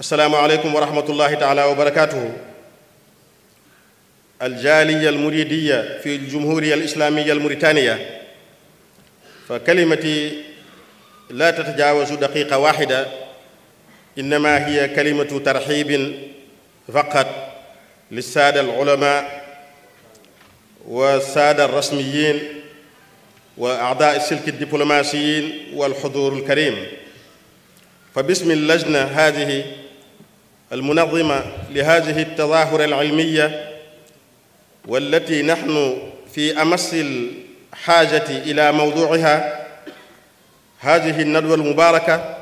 asalaamaaleykum wa rahmatullahi taala wa barakaatuhu aljaaliya almuridiya fi ljumhuriya alislaamiya almuritaniya fa kalimati laa tatajaawazu daqiqa waaxida innama hiya kalimatu tarxibin faqat lissaada alulama wa saada alrasmiyin wa adaa silki diplomaasiyin walxuduur alkarim fa bismi allajna haadihi المنظمة لهذه التظاهرة العلمية والتي نحن في أمس الحاجة إلى موضوعها هذه الندوة المباركة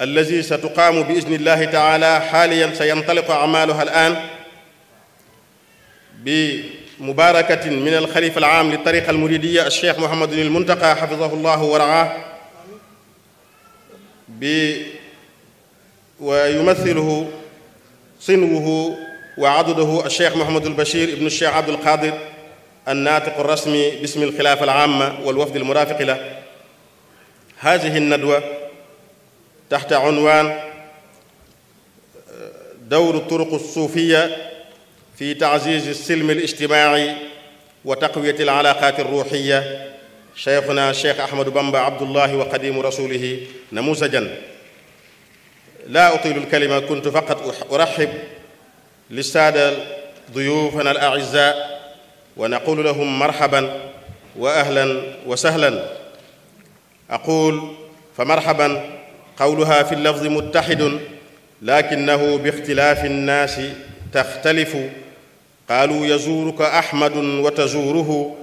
الذي ستقام بإذن الله تعالى حاليا سينطلق أعمالها الآن بمباركة من الخليفة العام للطريقة المريدية الشيخ محمد المنتقى حفظه الله ورعاه ويمثله صنوه وعضده الشيخ محمد البشير ابن الشيخ عبد القادر الناطق الرسمي باسم الخلافة العامة والوفد المرافق له هذه الندوة تحت عنوان دور الطرق الصوفية في تعزيز السلم الاجتماعي وتقوية العلاقات الروحية شيخنا الشيخ أحمد بامبا عبد الله وقديم رسوله نموذجا laa utilu lkalima kuntu faqat uraxib lisaada duyufana al aizza wa naqulu lahum marxaban wa ahlan wa sahlan aqul fa marxaban qawluha fi llafdi muttaxidun lakinahu bi ixtilaafi nnaasi taxtalifu qaalu yazuuruka axmadun wa tazuuruhu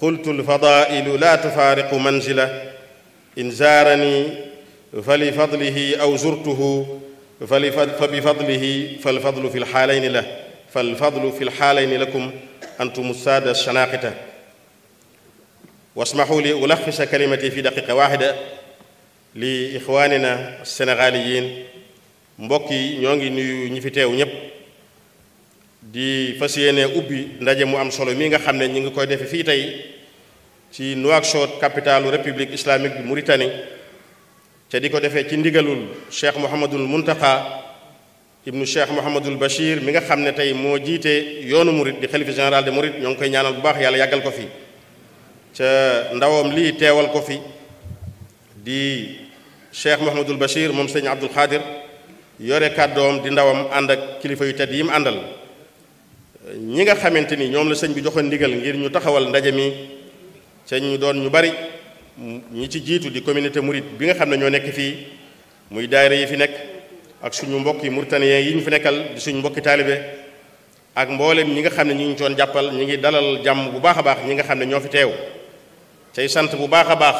qultu lfadaa'ilu laa tufaariqu manzila in zaarani fa aw fadlihi aw zurtuhu fa li fa bi fadlihi fal fadlu fi lxaalayni la fal fadlu fi lxaalayni lakum antum saada shanaqita wasmaxu li ulaxisa kalimati fi daqiqa waaxida li ixwaanina sénégaliyin mbokk yi ñoo ngi nuyu ñi fi teew ñépp di fas yéene ubbi ndaje mu am solo mii nga xam ne ñi ngi koy defe fii tey ci Nouakchott capitalu république islamique bu Mauritanie te di ko defee ci ndigalul cheikh Mouhamadul Muntaqa ibnu cheikh Mouhamadul Bachir mi nga xam ne tey moo jiite yoonu murit di xalifa général de murit ñoo ngi koy ñaanal bu baax yàlla yàggal ko fi ca ndawam lii teewal ko fi di cheikh Mouhamadul Bachir moom sëñ Abdul Xaadir yore kàddoom di ndawam ànd ak kilifa yu tedd yi mu àndal ñi nga xamante ni ñoom la sëñ bi joxoon ndigal ngir ñu taxawal ndaje mi ca ñu doon ñu bari ñi ci jiitu di communauté mouride bi nga xam ne ñoo nekk fii muy daayira yi fi nekk ak suñu mbokki mauritanien yi ñu fi nekkal di suñu mbokki taalibe ak mboolem ñi nga xam ne ñi ngi doon jàppal ñi ngi dalal jàmm bu baax a baax ñi nga xam ne ñoo fi teew cay sant bu baax a baax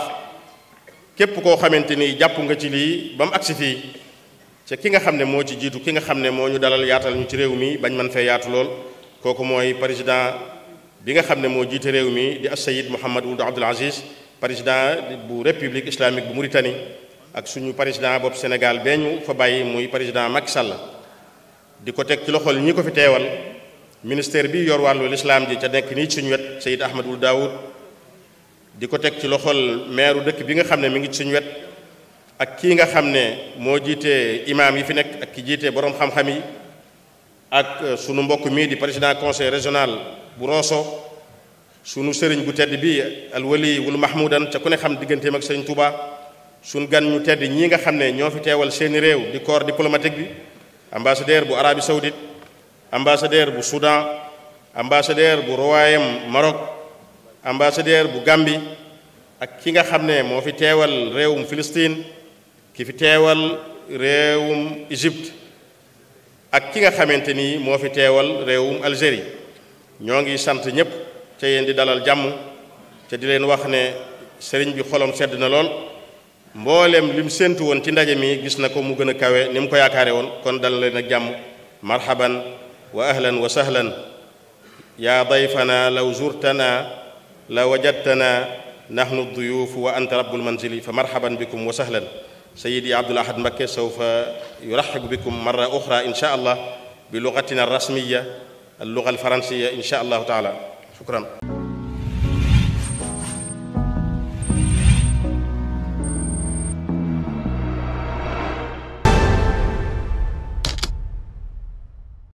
képp koo xamante ni jàpp nga ci lii ba mu agsi fii ca ki nga xam ne moo ci jiitu ki nga xam ne moo ñu dalal yaatal ñu ci réew mi bañ man fee yaatu lool kooku mooy président bi nga xam ne moo jiite réew mi di as sayid Mouhamed Ould Abdoul président bu république islamique bu Mauritanie ak suñu président bopp Sénégal bee ñu fa bàyyi muy président Macky Sall di ko teg ci loxol ñi ko fi teewal ministère bi yor wàllu lislaam ji ca nekk nii suñu wet Seyd Ahmad Ould Daoud di ko teg ci loxol maire dëkk bi nga xam ne mu ngi suñu wet ak kii nga xam ne moo jiite imaam yi fi nekk ak ki jiite boroom xam-xam yi ak sunu mbokk mii di président conseil régional bu Rosso sunu sëriñ bu tedd bi alwali wul mahmudan ca ku ne xam digganteem ak sëriñ Touba sunu gan ñu tedd ñi nga xam ne ñoo fi teewal seeni réew di corps diplomatique bi ambassadeur bu Arabie Saoudite ambassadeur bu Soudan ambassadeur bu royaume Maroc ambassadeur bu gambi ak ki nga xam ne moo fi teewal réewum Palestine ki fi teewal réewum Égypte ak ki nga xamante ni moo fi teewal réewum Algérie ñoo ngi sant ñëpp. ca yéen di dalal jàmm te di leen wax ne sëriñ bi xolom sedd na lool mboolem lim séentu woon ci ndaje mi gis na ko mu gën a kawe ni ko yaakaare woon kon dalal leen ak jàmm marhaban wa ahlan wa sahlan yaa dayfana law zurtana la wajadtana nahnu duyuuf wa anta rabbul manzili fa marhaban bikum wa sahlan sayidi abdul ahad mbakke sawfa yuraxibu bikum marra uxra insha allah bi lugatina arrasmiya alluga alfaransiya insha allahu taala shukran